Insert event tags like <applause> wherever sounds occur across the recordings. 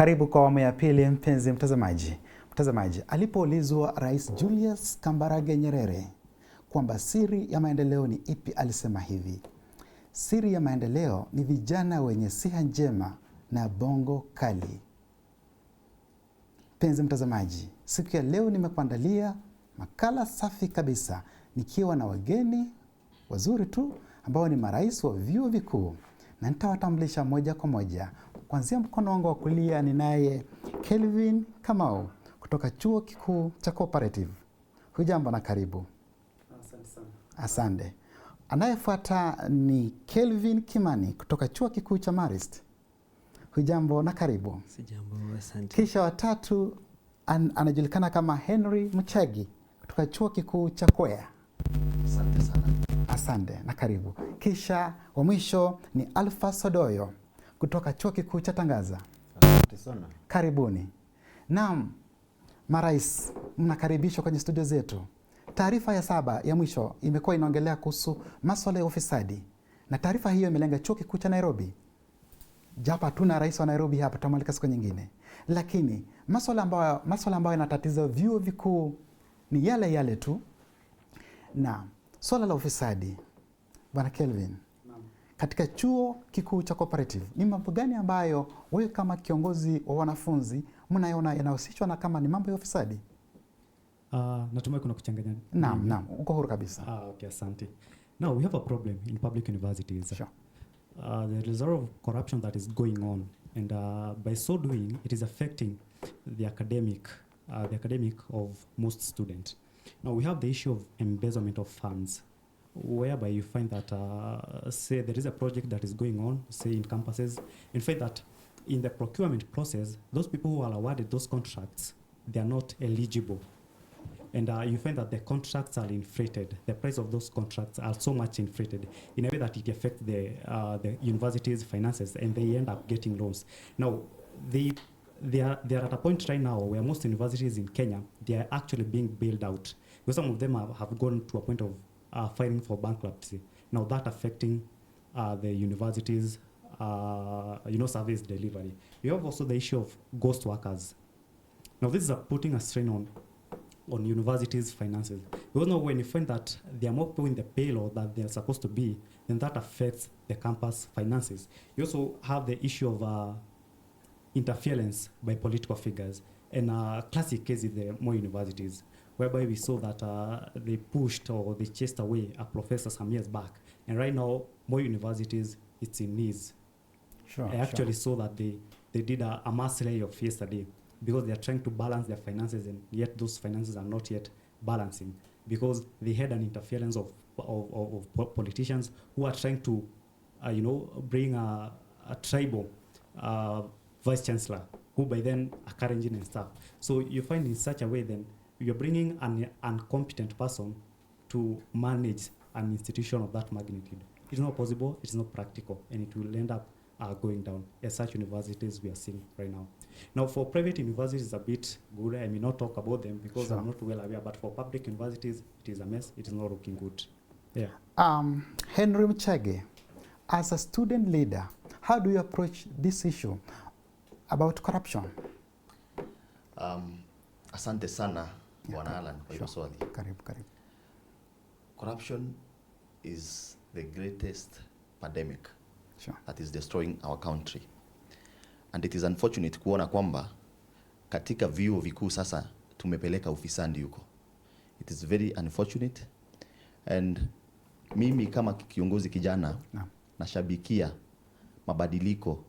Karibu kwa awamu ya pili, mpenzi mtazamaji. Mtazamaji, alipoulizwa Rais Julius Kambarage Nyerere kwamba siri ya maendeleo ni ipi, alisema hivi: siri ya maendeleo ni vijana wenye siha njema na bongo kali. Mpenzi mtazamaji, siku ya leo nimekuandalia makala safi kabisa nikiwa na wageni wazuri tu ambao ni marais wa vyuo vikuu na nitawatambulisha moja kwa moja Kuanzia mkono wangu wa kulia ninaye Kelvin Kamau kutoka Chuo Kikuu cha Cooperative. Hujambo na karibu. Asante sana. Asante. Anayefuata ni Kelvin Kimani kutoka Chuo Kikuu cha Marist. Hujambo na karibu. Sijambo, asante. Kisha watatu an, anajulikana kama Henry Mchagi kutoka Chuo Kikuu cha Kwea. Asante sana. Asante na karibu. Kisha wa mwisho ni Alpha Sodoyo kutoka chuo kikuu cha Tangaza. Asante sana. Karibuni. Naam, marais mnakaribishwa kwenye studio zetu. Taarifa ya saba ya mwisho imekuwa inaongelea kuhusu masuala ya ufisadi, na taarifa hiyo imelenga chuo kikuu cha Nairobi, japo hatuna rais wa Nairobi hapa, tutamwalika siku nyingine, lakini masuala ambayo masuala ambayo yanatatiza vyuo vikuu ni yale yale tu, na swala la ufisadi, Bwana Kelvin katika chuo kikuu cha cooperative, ni mambo gani ambayo wewe kama kiongozi wa wanafunzi mnaona yanahusishwa na kama ni mambo ya ufisadi? Uh, natumai kuna kuchanganya. Naam, naam, uko huru kabisa. Ah, okay, asante. Now we have a problem in public universities. Sure. Uh, there is a lot of corruption that is going on and uh, by so doing it is affecting the academic uh, the academic of most student. Now we have the issue of embezzlement of funds. whereby you find that, uh, say, there is a project that is going on, say, in campuses, in fact, that in the procurement process, those people who are awarded those contracts, they are not eligible. And uh, you find that the contracts are inflated. The price of those contracts are so much inflated in a way that it affects the, uh, the university's finances and they end up getting loans. Now, they, they, are, they are at a point right now where most universities in Kenya, they are actually being bailed out. Because some of them have, have gone to a point of uh, filing for bankruptcy. Now that affecting uh, the universities, uh, you know, service delivery. We have also the issue of ghost workers. Now this is putting a strain on on universities' finances. Because now when you find that there are more people in the payroll than they are supposed to be, then that affects the campus finances. You also have the issue of uh, interference by political figures. And a uh, classic case is the more universities whereby we saw that uh, they pushed or they chased away a professor some years back. And right now, more universities, it's in knees. Sure, I actually sure. saw that they, they did a, a mass layoff yesterday because they are trying to balance their finances, and yet those finances are not yet balancing because they had an interference of, of, of, of politicians who are trying to, uh, you know, bring a, a tribal uh, vice chancellor who by then are carrying and stuff. So you find in such a way then you're bringing an incompetent person to manage an institution of that magnitude. It's not possible, it's not practical, and it will end up uh, going down, as such universities we are seeing right now. Now, for private universities, it's a bit good. I may not talk about them because sure. I'm not well aware, but for public universities, it is a mess. It is not looking good. Yeah. Um, Henry Mchage, as a student leader, how do you approach this issue about corruption? Um, asante sana Bwana Alan kwa hiyo swali. Karibu, karibu. Corruption is the greatest pandemic sure, that is destroying our country and it is unfortunate kuona kwamba katika vyuo vikuu sasa tumepeleka ufisadi huko. It is very unfortunate and mimi kama kiongozi kijana no, nashabikia mabadiliko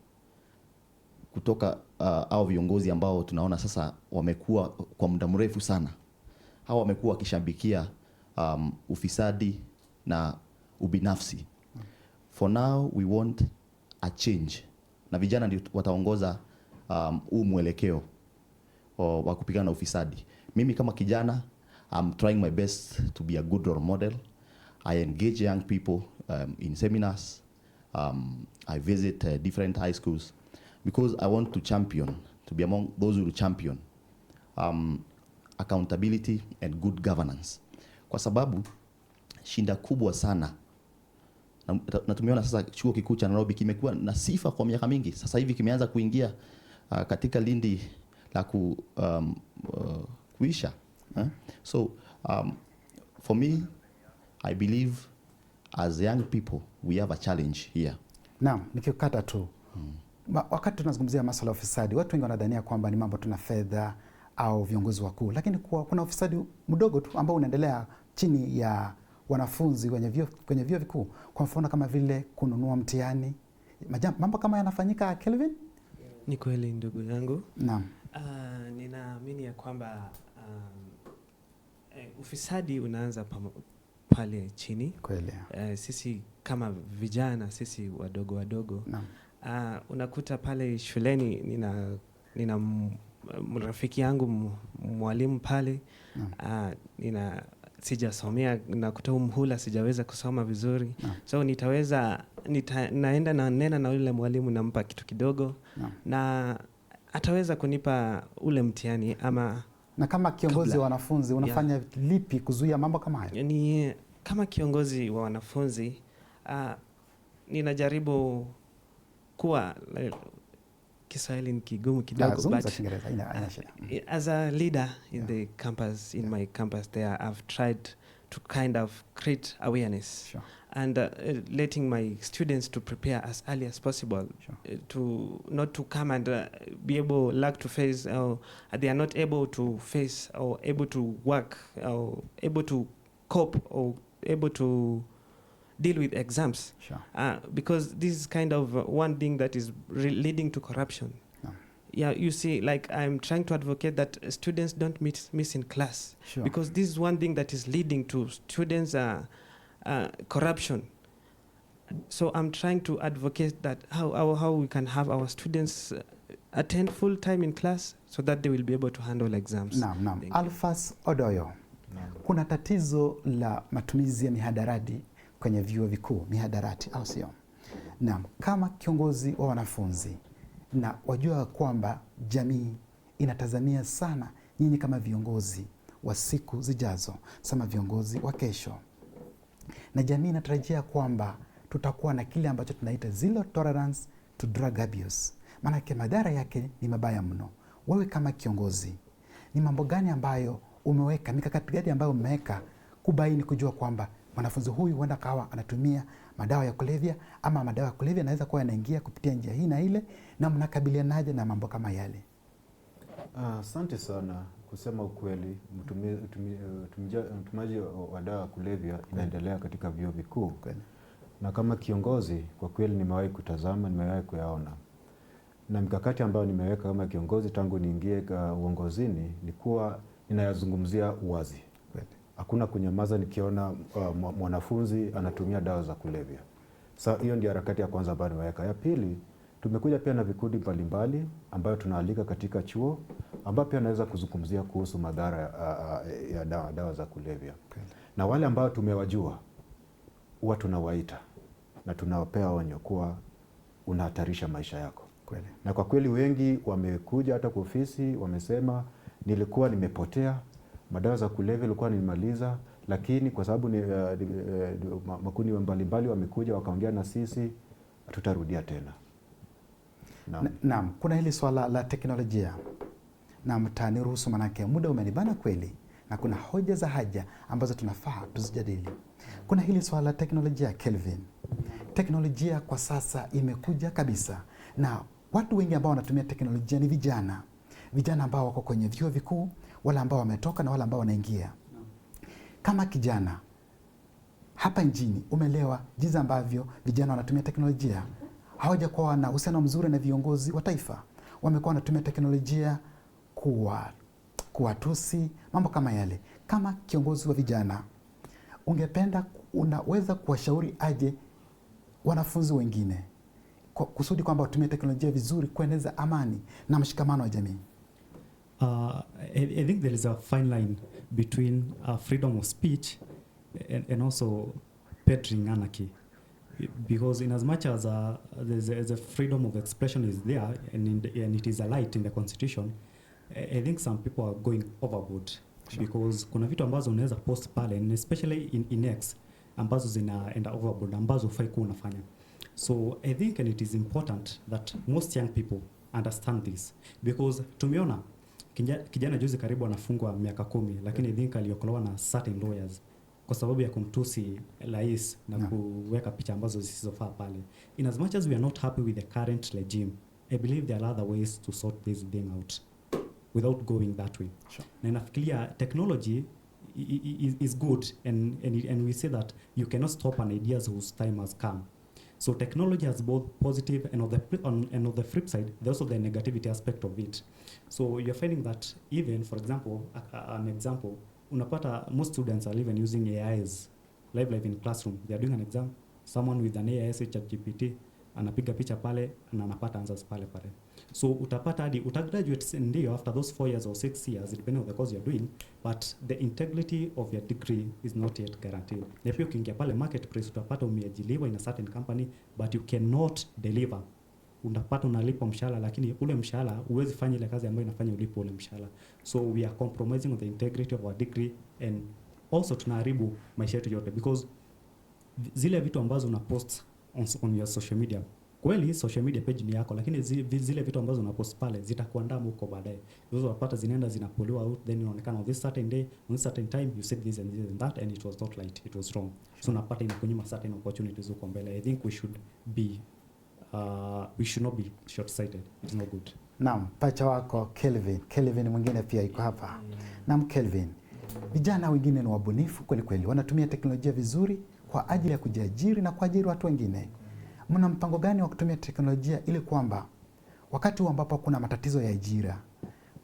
kutoka uh, au viongozi ambao tunaona sasa wamekuwa kwa muda mrefu sana hawa wamekuwa wakishabikia um, ufisadi na ubinafsi. For now we want a change, na vijana ndio wataongoza um, huu um, mwelekeo wa kupigana na ufisadi. Mimi kama kijana I'm trying my best to be a good role model. I engage young people um, in seminars. Um, I visit uh, different high schools because I want to champion, to be among those who champion. Um, accountability and good governance, kwa sababu shinda kubwa sana na, tumeona sasa chuo kikuu cha Nairobi kimekuwa na sifa kwa miaka mingi. Sasa hivi kimeanza kuingia uh, katika lindi la ku, um, uh, kuisha uh, So um, for me I believe as young people we have a challenge here. Naam, nikikata tu hmm. Wakati tunazungumzia masuala ya ufisadi, watu wengi wanadhania kwamba ni mambo tuna fedha au viongozi wakuu, lakini kwa, kuna ufisadi mdogo tu ambao unaendelea chini ya wanafunzi kwenye vyuo vikuu, kwa mfano kama vile kununua mtihani. Mambo kama yanafanyika, Kelvin? Ni kweli ndugu yangu. Naam. Uh, ninaamini ya kwamba uh, ufisadi unaanza pale chini kweli. Uh, sisi kama vijana sisi wadogo wadogo uh, unakuta pale shuleni nina, nina rafiki yangu mwalimu pale mm. nina sijasomea na kutoa mhula sijaweza kusoma vizuri no. so nitaweza nita, naenda na nena na yule mwalimu nampa kitu kidogo no. na ataweza kunipa ule mtihani ama. Na kama kiongozi wa wanafunzi unafanya yeah. lipi kuzuia mambo kama hayo? Ni kama kiongozi wa wanafunzi uh, ninajaribu kuwa Kiswahili ni kigumu kidogo but as a leader in yeah. the campus in yeah. my campus there I've tried to kind of create awareness sure. and uh, letting my students to prepare as early as possible sure. uh, to not to come and uh, be able lack to face or they are not able to face or able to work or able to cope or able to deal with exams sure. uh, because this is kind of uh, one thing that is re- leading to corruption yeah you see like i'm trying to advocate that students don't meet, miss in class sure. because this is one thing that is leading to students uh, uh, corruption so i'm trying to advocate that how, how, how we can have our students uh, attend full time in class so that they will be able to handle exams naam naam alfas odoyo naam. kuna tatizo la matumizi ya mihadarati kwenye vyuo vikuu mihadarati, au sio? Na kama kiongozi wa wanafunzi na wajua kwamba jamii inatazamia sana nyinyi kama viongozi wa siku zijazo, sama viongozi wa kesho, na jamii inatarajia kwamba tutakuwa na kile ambacho tunaita zero tolerance to drug abuse, maanake madhara yake ni mabaya mno. Wewe kama kiongozi, ni mambo gani ambayo umeweka, mikakati gani ambayo umeweka kubaini kujua kwamba mwanafunzi huyu huenda kawa anatumia madawa ya kulevya ama madawa ya kulevya anaweza kuwa yanaingia kupitia njia hii na ile, na mnakabilianaje na mambo kama yale? Ah, asante uh, sana. Kusema ukweli, mtumiaji wa dawa ya kulevya inaendelea katika vyuo vikuu, na kama kiongozi kwa kweli nimewahi kutazama, nimewahi kuyaona, na mikakati ambayo nimeweka kama kiongozi tangu niingie ah, uongozini ni kuwa ninayazungumzia uwazi hakuna kunyamaza nikiona uh, mwanafunzi anatumia dawa za kulevya. Sa hiyo ndio harakati ya kwanza ambayo nimeweka. Ya pili, tumekuja pia na vikundi mbalimbali ambayo tunaalika katika chuo ambayo pia anaweza kuzungumzia kuhusu madhara ya, ya dawa, dawa za kulevya okay. Na wale ambao tumewajua huwa tunawaita na tunawapea onyo kuwa unahatarisha maisha yako kweli. Na kwa kweli wengi wamekuja hata kwa ofisi wamesema, nilikuwa nimepotea madawa za kulevya ilikuwa nimaliza, lakini kwa sababu ni, uh, uh, makundi mbalimbali wamekuja wakaongea na sisi, tutarudia tena. Naam, na, na, kuna hili swala la teknolojia na ruhusu manake muda umenibana kweli, na kuna hoja za haja ambazo tunafaa tuzijadili. Kuna hili swala la teknolojia Kelvin, teknolojia kwa sasa imekuja kabisa, na watu wengi ambao wanatumia teknolojia ni vijana, vijana ambao wako kwenye vyuo vikuu wale ambao wametoka na wale ambao wanaingia. Kama kijana hapa nchini umelewa jinsi ambavyo vijana wanatumia teknolojia, hawajakuwa na uhusiano mzuri na viongozi wa taifa, wamekuwa wanatumia teknolojia kuwa kuwatusi, mambo kama yale. Kama kiongozi wa vijana, ungependa unaweza kuwashauri aje wanafunzi wengine kusudi kwamba watumie teknolojia vizuri kueneza amani na mshikamano wa jamii? Uh, I, I, think there is a fine line between uh, freedom of speech and, and also petting anarchy because in as much as uh, the freedom of expression is there and, the, and it is a light in the constitution I, I think some people are going overboard because kuna vitu ambazo unaweza post pale and especially in, in X ambazo zinaenda overboard ambazo ufai kuwa unafanya so I think and it is important that most young people understand this because tumeona kijana, juzi karibu anafungwa miaka kumi lakini yeah. Thinka aliokolewa na certain lawyers kwa sababu ya kumtusi rais na yeah. kuweka picha ambazo zisizofaa pale. In as much as we are not happy with the current regime, I believe there are other ways to sort this thing out without going that way. Sure. Na inafikiria technology is good and, and, and we say that you cannot stop an ideas whose time has come. So technology has both positive and on the on, and on the flip side, there's also the negativity aspect of it. So you're finding that even, for example, a, a, an example, unapata most students are even using AIs live live in classroom. They doing an exam, someone with an AIS chat GPT anapiga picha pale and anapata answers pale pale. So utapata hadi utagraduate ndio after those four years or six years depending on the course you're doing, but the integrity of your degree is not yet guaranteed. Na pia ukiingia pale marketplace utapata umeajiliwa in a certain company but you cannot deliver unapata unalipwa mshahara lakini ule mshahara huwezi fanya ile kazi ambayo inafanya ulipo ule mshahara. So we are compromising on the integrity of our degree and also tunaharibu maisha yetu yote because zile vitu ambazo una post on, on your social media Kweli social media page ni yako, lakini zile vitu ambazo unapost pale zitakuandama huko baadaye. Hizo unapata zinaenda zinapoliwa out, then inaonekana on this certain day, on this certain time you said this and this and that and it was not right, it was wrong. So unapata inakunyima certain opportunities huko mbele. I think we should be uh, we should not be short sighted. It's not good. Naam, pacha wako Kelvin. Kelvin mwingine pia yuko hapa. Naam, Kelvin. Vijana wengine ni wabunifu kweli kweli, wanatumia teknolojia vizuri kwa ajili ya kujiajiri na kuajiri watu wengine mna mpango gani wa kutumia teknolojia ili kwamba wakati ambapo kuna matatizo ya ajira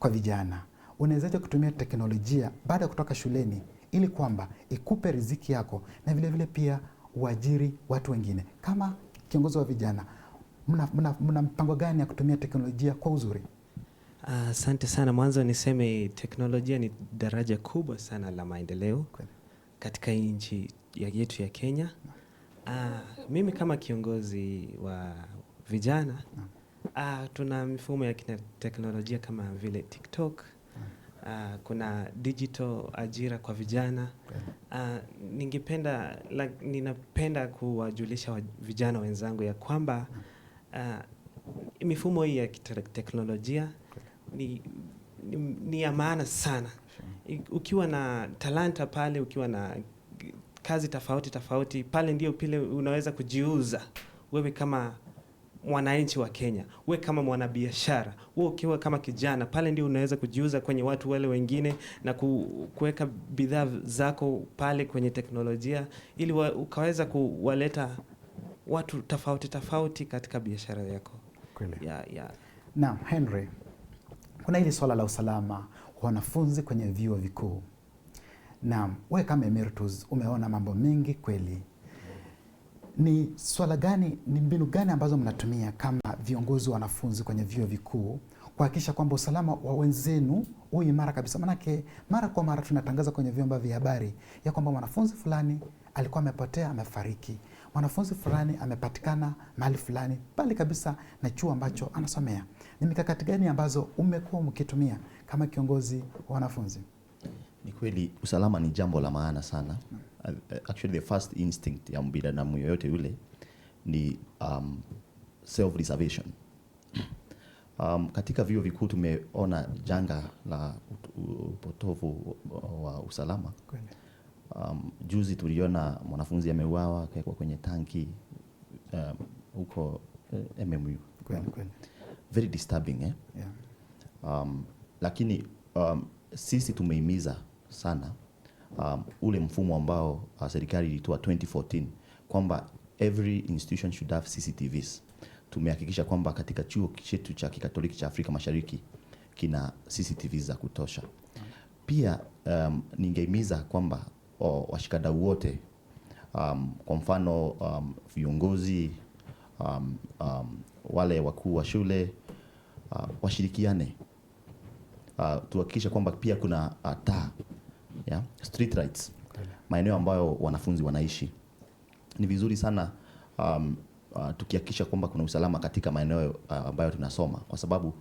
kwa vijana, unawezaje kutumia teknolojia baada ya kutoka shuleni ili kwamba ikupe riziki yako na vilevile vile pia uajiri watu wengine. Kama kiongozi wa vijana, mna, mna, mna mpango gani ya kutumia teknolojia kwa uzuri? Asante uh, sana. Mwanzo niseme teknolojia ni daraja kubwa sana la maendeleo katika nchi yetu ya Kenya no. Ah, mimi kama kiongozi wa vijana mm. ah, tuna mifumo ya teknolojia kama vile TikTok mm. ah, kuna digital ajira kwa vijana ah, ningependa like, ninapenda kuwajulisha vijana wenzangu ya kwamba mm. ah, mifumo hii ya teknolojia ni, ni, ni ya maana sana. Ukiwa na talanta pale, ukiwa na kazi tofauti tofauti, pale ndio pile unaweza kujiuza wewe kama mwananchi wa Kenya, we kama mwanabiashara, we ukiwa kama kijana, pale ndio unaweza kujiuza kwenye watu wale wengine na kuweka bidhaa zako pale kwenye teknolojia, ili wa, ukaweza kuwaleta watu tofauti tofauti katika biashara yako ya, yeah. Na Henry, kuna hili swala la usalama wanafunzi kwenye vyuo vikuu Naam, we kama emeritus umeona mambo mengi kweli. Ni swala gani, ni mbinu gani ambazo mnatumia kama viongozi wa wanafunzi kwenye vyuo vikuu kuhakikisha kwamba usalama wa wenzenu huu imara kabisa? Manake mara kwa mara tunatangaza kwenye vyombo vya habari ya kwamba mwanafunzi fulani alikuwa amepotea, amefariki, mwanafunzi fulani amepatikana mahali fulani bali kabisa na chuo ambacho anasomea. Ni mikakati gani ambazo umekuwa mkitumia kama kiongozi wa wanafunzi? Ni kweli usalama ni jambo la maana sana. Actually the first instinct ya binadamu yoyote yule ni um, self reservation Um, katika vyuo vikuu tumeona janga la upotovu wa usalama. Um, juzi tuliona mwanafunzi ameuawa akawekwa kwenye tanki um, huko uh, eh, MMU. Kweli kweli. Very disturbing eh? Yeah. Um, lakini um, sisi tumeimiza sana um, ule mfumo ambao uh, serikali ilitoa 2014 kwamba every institution should have CCTVs. Tumehakikisha kwamba katika chuo chetu cha Kikatoliki cha Afrika Mashariki kina cctvs za kutosha. Pia um, ningehimiza kwamba oh, washikadau wote um, kwa mfano um, viongozi um, um, wale wakuu wa shule uh, washirikiane uh, tuhakikisha kwamba pia kuna uh, taa yeah? Street rights, maeneo ambayo wanafunzi wanaishi ni vizuri sana um, uh, tukihakikisha kwamba kuna usalama katika maeneo uh, ambayo tunasoma kwa sababu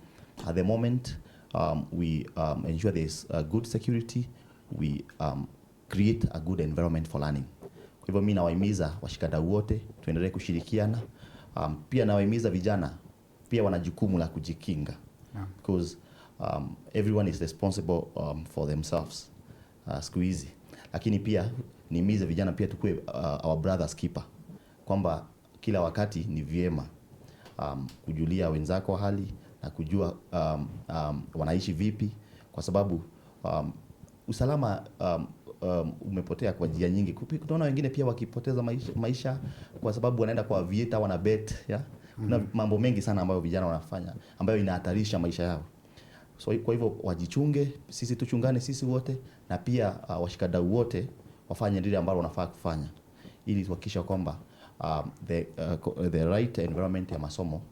at the moment um, we um, ensure there is a good security we um, create a good environment for learning. Kwa hivyo mimi nawahimiza washikadau wote tuendelee kushirikiana. Um, pia nawahimiza vijana pia wana jukumu la kujikinga because um, everyone is responsible um, for themselves uh, siku hizi, lakini pia nimiza vijana pia tukue uh, our brothers keeper, kwamba kila wakati ni vyema um, kujulia wenzako hali na kujua um, um, wanaishi vipi, kwa sababu um, usalama um, Um, umepotea kwa njia nyingi. Tunaona wengine pia wakipoteza maisha, maisha kwa sababu wanaenda kwa vieta wana bet ya kuna mm -hmm. mambo mengi sana ambayo vijana wanafanya ambayo inahatarisha maisha yao. So, kwa hivyo wajichunge, sisi tuchungane sisi wote na pia uh, washikadau wote wafanye lile ambalo wanafaa kufanya ili kuhakikisha kwamba uh, the, uh, the right environment ya masomo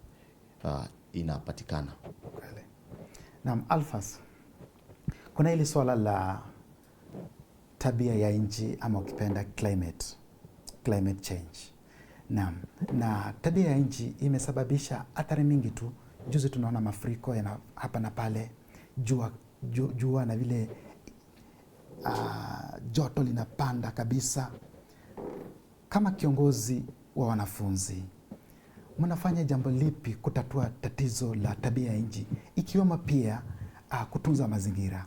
uh, inapatikana. Naam, Alphas, kuna ile swala la tabia ya nchi ama ukipenda climate, climate change. Naam, na tabia ya nchi imesababisha athari mingi tu Juzi tunaona mafuriko yana hapa na pale, jua, jua, jua na vile uh, joto linapanda kabisa. Kama kiongozi wa wanafunzi, mnafanya jambo lipi kutatua tatizo la tabia ya nchi ikiwemo pia uh, kutunza mazingira?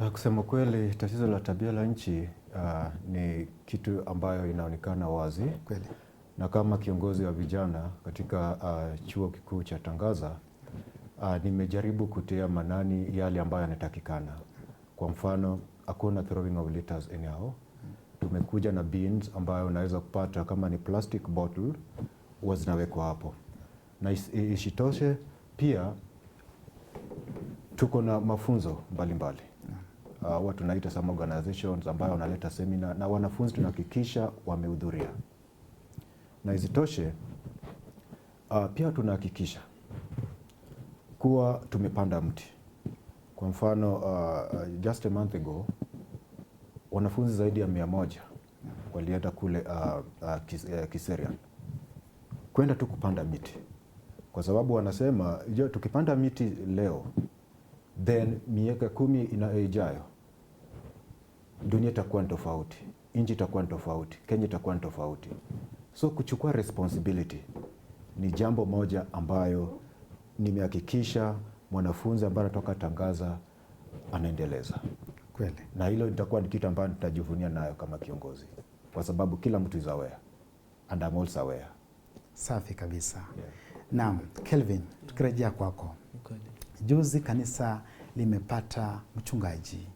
Ah, kusema kweli, tatizo la tabia la nchi uh, ni kitu ambayo inaonekana wazi kweli na kama kiongozi wa vijana katika uh, chuo kikuu cha Tangaza uh, nimejaribu kutia manani yale ambayo yanatakikana. Kwa mfano, hakuna throwing of litters anyhow. Tumekuja na bins ambayo unaweza kupata kama ni plastic bottle huwa zinawekwa hapo, na isitoshe pia tuko na mafunzo mbalimbali mbali. Uh, watu tunaita some organizations ambayo wanaleta semina na wanafunzi tunahakikisha wamehudhuria. Na isitoshe uh, pia tunahakikisha kuwa tumepanda mti. Kwa mfano uh, uh, just a month ago wanafunzi zaidi ya mia moja walienda kule uh, uh, kis, uh, Kiserian kwenda tu kupanda miti, kwa sababu wanasema tukipanda miti leo then miaka kumi ijayo dunia itakuwa ni tofauti, nchi itakuwa ni tofauti, Kenya itakuwa ni tofauti. So kuchukua responsibility ni jambo moja ambayo nimehakikisha mwanafunzi ambaye anatoka Tangaza anaendeleza kweli, na hilo litakuwa ni kitu ambayo nitajivunia nayo kama kiongozi, kwa sababu kila mtu is aware and I'm also aware. Safi kabisa yeah. Naam, Kelvin, tukirejea kwako, juzi kanisa limepata mchungaji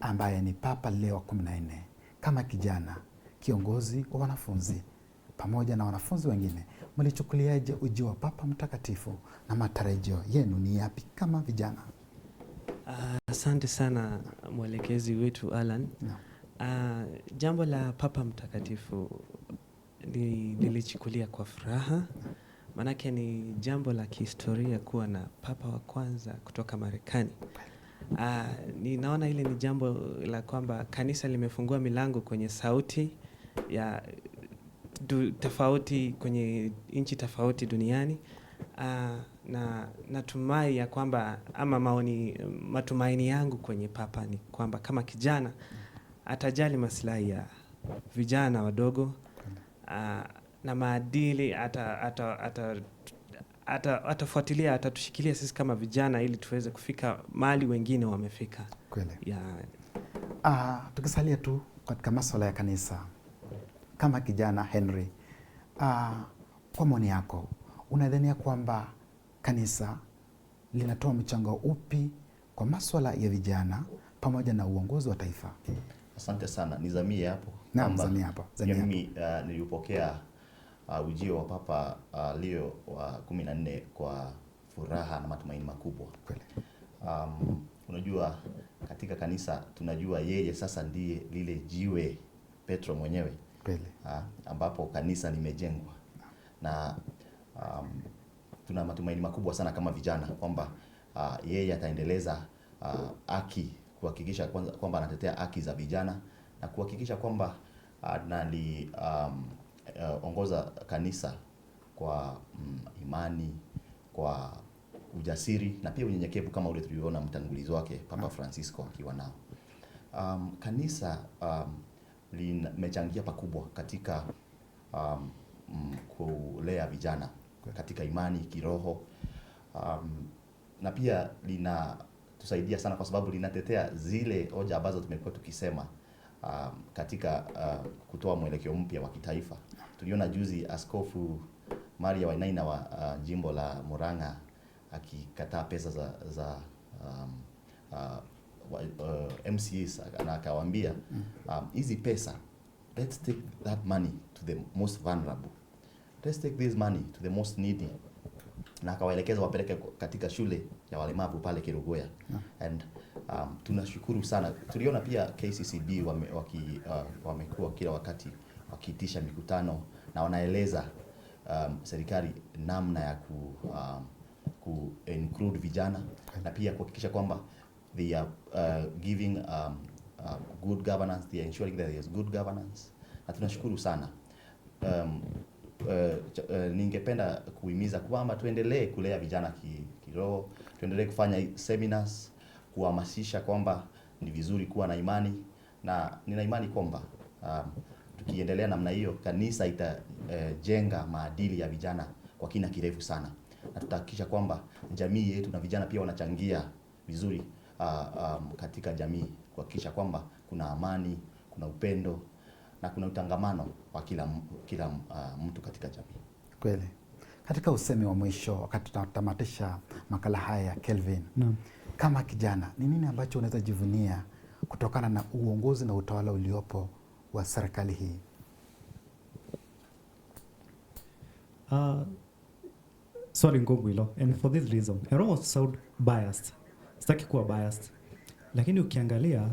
ambaye ni Papa Leo wa kumi na nne kama kijana kiongozi wa wanafunzi pamoja na wanafunzi wengine, mlichukuliaje ujio wa Papa Mtakatifu na matarajio yenu ni yapi kama vijana? Ah, asante uh, sana mwelekezi wetu Alan no. Uh, ah, jambo la Papa Mtakatifu nilichukulia kwa furaha maanake ni jambo la kihistoria kuwa na papa wa kwanza kutoka Marekani. Uh, ninaona hili ni jambo la kwamba kanisa limefungua milango kwenye sauti ya du, tofauti kwenye nchi tofauti duniani. Uh, na natumai ya kwamba ama maoni, matumaini yangu kwenye papa ni kwamba kama kijana atajali maslahi ya vijana wadogo uh, na maadili atafuatilia ata, ata, ata atatushikilia sisi kama vijana ili tuweze kufika mali wengine wamefika. Kweli. Yeah. Ah, tukisalia tu katika masuala ya kanisa kama kijana Henry, uh, kwa maoni yako unadhania kwamba kanisa linatoa mchango upi kwa maswala ya vijana pamoja na uongozi wa taifa? Asante sana, nizamie hapo. Naam, zamie hapo. Mimi uh, nilipokea uh, ujio wa Papa uh, Leo wa kumi na nne kwa furaha na matumaini makubwa. Um, unajua katika kanisa tunajua yeye sasa ndiye lile jiwe Petro mwenyewe Ha, ah, ambapo kanisa limejengwa na um, tuna matumaini makubwa sana kama vijana kwamba uh, yeye ataendeleza uh, kuhakikisha kwamba anatetea haki za vijana na kuhakikisha kwamba analiongoza um, uh, kanisa kwa um, imani kwa ujasiri na pia unyenyekevu kama ule tulivyoona mtangulizi wake Papa Francisco akiwa nao. Um, kanisa um, limechangia pakubwa katika um, mm, kulea vijana katika imani kiroho, um, na pia linatusaidia sana kwa sababu linatetea zile hoja ambazo tumekuwa tukisema um, katika uh, kutoa mwelekeo mpya wa kitaifa. Tuliona juzi Askofu Maria Wainaina wa uh, jimbo la Murang'a akikataa pesa za, za um, uh, uh, MCAs na akawaambia mm. um, hizi um, pesa let's take that money to the most vulnerable, let's take this money to the most needy, na akawaelekeza wapeleke katika shule ya walemavu pale Kirugoya yeah. and um, tunashukuru sana. Tuliona pia KCCB wame, waki, uh, wamekuwa kila wakati wakiitisha mikutano na wanaeleza um, serikali namna ya ku, um, ku include vijana na pia kuhakikisha kwamba They are uh, giving um, uh, good governance, they are ensuring that there is good governance na tunashukuru sana um, uh, uh, ningependa kuhimiza kwamba tuendelee kulea vijana kiroho ki tuendelee kufanya seminars kuhamasisha kwamba ni vizuri kuwa na imani na nina imani kwamba um, tukiendelea namna hiyo kanisa itajenga uh, maadili ya vijana kwa kina kirefu sana, na tutahakikisha kwamba jamii yetu na vijana pia wanachangia vizuri uh, um, katika jamii kuhakikisha kwamba kuna amani, kuna upendo na kuna utangamano wa kila, kila uh, mtu katika jamii. Kweli. Katika usemi wa mwisho wakati tunatamatisha makala haya ya Kelvin, no. Kama kijana ni nini ambacho unaweza jivunia kutokana na uongozi na utawala uliopo wa serikali hii? Uh, sorry, Ngogwilo, and for this reason, I'm all so biased sitaki kuwa biased, lakini ukiangalia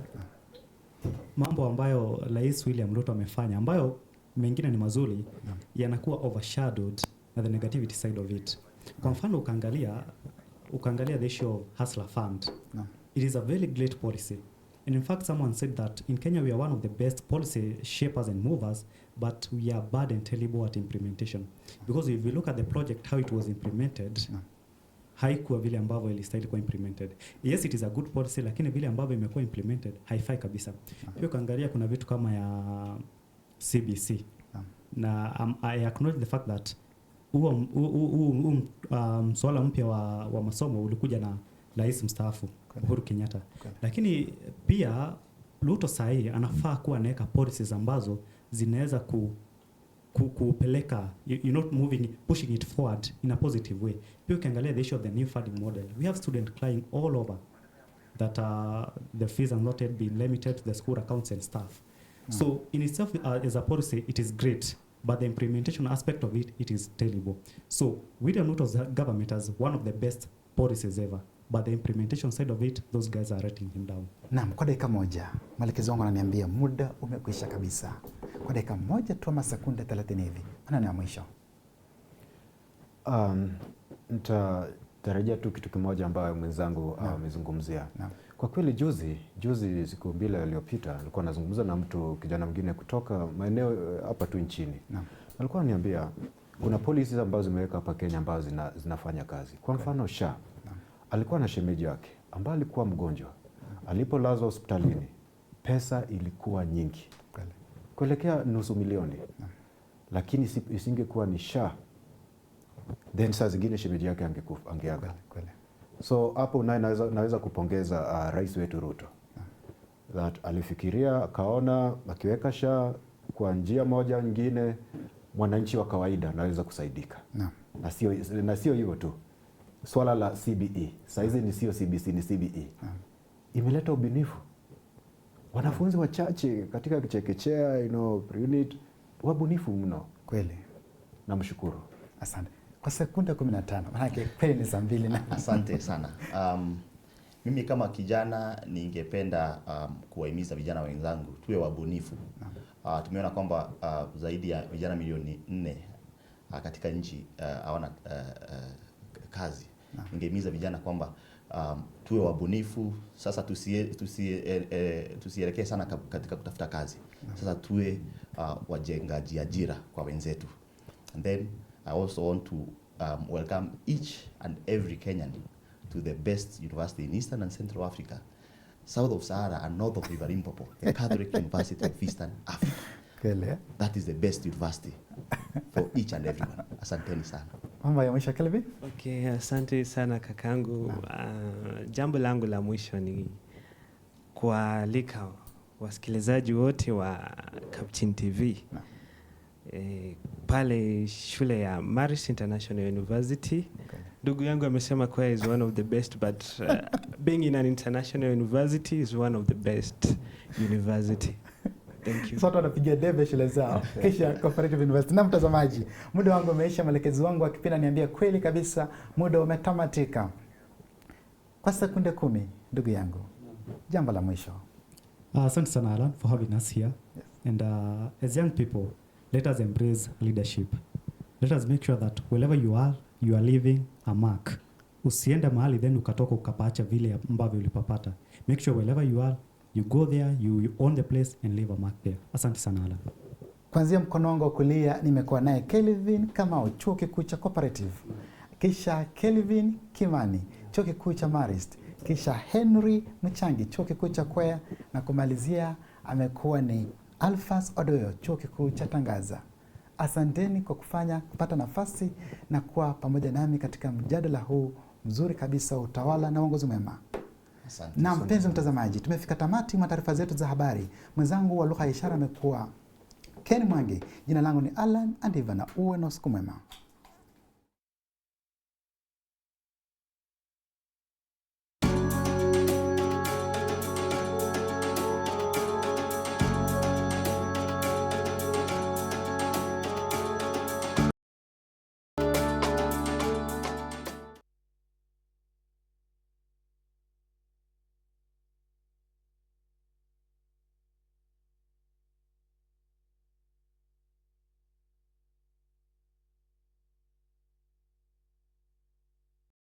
mambo ambayo Rais William Ruto amefanya ambayo mengine ni mazuri yanakuwa overshadowed na the negativity side of it. Kwa mfano ukaangalia ukaangalia the issue of Hustler Fund. It is a very great policy. And in fact, someone said that in Kenya we are one of the best policy shapers and movers, but we are bad and terrible at implementation. Because if you look at the project, how it was implemented, haikuwa vile ambavyo ilistahili kuwa implemented. Yes, it is a good policy, lakini vile ambavyo imekuwa implemented haifai kabisa. Ah. Pia ukaangalia kuna vitu kama ya CBC ah. na um, I acknowledge the fact that huo um, swala mpya wa, wa masomo ulikuja na rais mstaafu Uhuru Kenyatta, lakini pia Ruto sahii anafaa kuwa anaweka policies ambazo zinaweza ku kupeleka you're not moving pushing it forward in a positive way. Pia ukiangalia the issue of the new funding model, we have students crying all over that uh, the fees have not yet been limited to the school accounts and staff. Mm. So in itself uh, as a policy, it is great, but the implementation aspect of it, it is terrible. So we don't note as government as one of the best policies ever. but the implementation side of it those guys are writing him down. Naam, kwa dakika moja mwelekezi wangu ananiambia muda umekwisha kabisa. Kwa dakika moja tu ama sekunde 30 hivi, maana ni mwisho. Um, nitatarajia tu kitu kimoja ambayo mwenzangu amezungumzia. kwa kweli juzi juzi siku mbili iliyopita alikuwa anazungumza na mtu kijana mwingine kutoka maeneo eh, hapa tu nchini. Naam. Alikuwa ananiambia kuna polisi ambazo zimeweka hapa Kenya ambazo zina, zinafanya kazi. Kwa mfano okay. SHA alikuwa na shemeji wake ambaye alikuwa mgonjwa. Alipolazwa hospitalini, pesa ilikuwa nyingi kuelekea nusu milioni, lakini isingekuwa ni SHA, then saa zingine shemeji yake angeaga. So hapo naye naweza, naweza kupongeza uh, rais wetu Ruto that alifikiria akaona, akiweka SHA kwa njia moja nyingine, mwananchi wa kawaida anaweza kusaidika na, na sio hivyo tu swala la CBE sahizi ni sio CBC ni CBE hmm. imeleta ubinifu Wanafunzi wachache katika kichekechea you know, unit wabunifu mno kweli, namshukuru. Asante kwa sekunde 15 manake kweli ni saa mbili na <laughs> asante sana um, mimi kama kijana ningependa um, kuwahimiza vijana wenzangu tuwe wabunifu. Hmm. Uh, tumeona kwamba uh, zaidi ya vijana milioni nne uh, katika nchi uh, hawana uh, uh, uh, kazi. Ningehimiza vijana kwamba um, tuwe wabunifu sasa, tusielekee tusie, eh, eh, tusielekee sana katika kutafuta kazi. Sasa tuwe uh, wajengaji ajira kwa wenzetu. And then I also want to um, welcome each and every Kenyan to the best university in Eastern and Central Africa, south of Sahara and north of River Limpopo, the Catholic <laughs> University of Eastern Africa. Eh? That is the best university for each and everyone. Asanteni sana. Mambo mwisho Kelvin. Okay, asante sana kakangu. Uh, ah, jambo langu la mwisho ni kualika wasikilizaji wote wa Captain TV e, eh, pale shule ya Marist International University. Ndugu okay, yangu amesema kuwa is one of the best but uh, <laughs> being in an international university is one of the best university so watu wanapigia debe shule zao <laughs> kisha Cooperative University. Na mtazamaji, muda wangu umeisha, mwelekezi wangu akipenda niambia kweli kabisa muda umetamatika. Kwa sekunde kumi, ndugu yangu, jambo la mwisho. Asante uh, sana Alan for having us here yes. and uh, as young people let us embrace leadership let us make sure that wherever you are you are leaving a mark. Usiende mahali then ukatoka ukapacha vile ambavyo ulipapata. Make sure wherever you are you go there, you, you own the place and leave a mark there. Asante sana Alan. kwanzia mkono wangu wa kulia nimekuwa naye Kelvin kama chuo kikuu cha Cooperative, kisha Kelvin Kimani, chuo kikuu cha Marist, kisha Henry Mchangi, chuo kikuu cha Kwea, na kumalizia amekuwa ni Alphas Odoyo, chuo kikuu cha Tangaza. Asanteni kwa kufanya kupata nafasi na kuwa pamoja nami katika mjadala huu mzuri kabisa, utawala na uongozi mwema. Asante. Na mpenzi mtazamaji, tumefika tamati mwa taarifa zetu za habari. Mwenzangu wa lugha ya ishara amekuwa Ken Mwangi, jina langu ni Alan Andivana. Uwe na usiku mwema.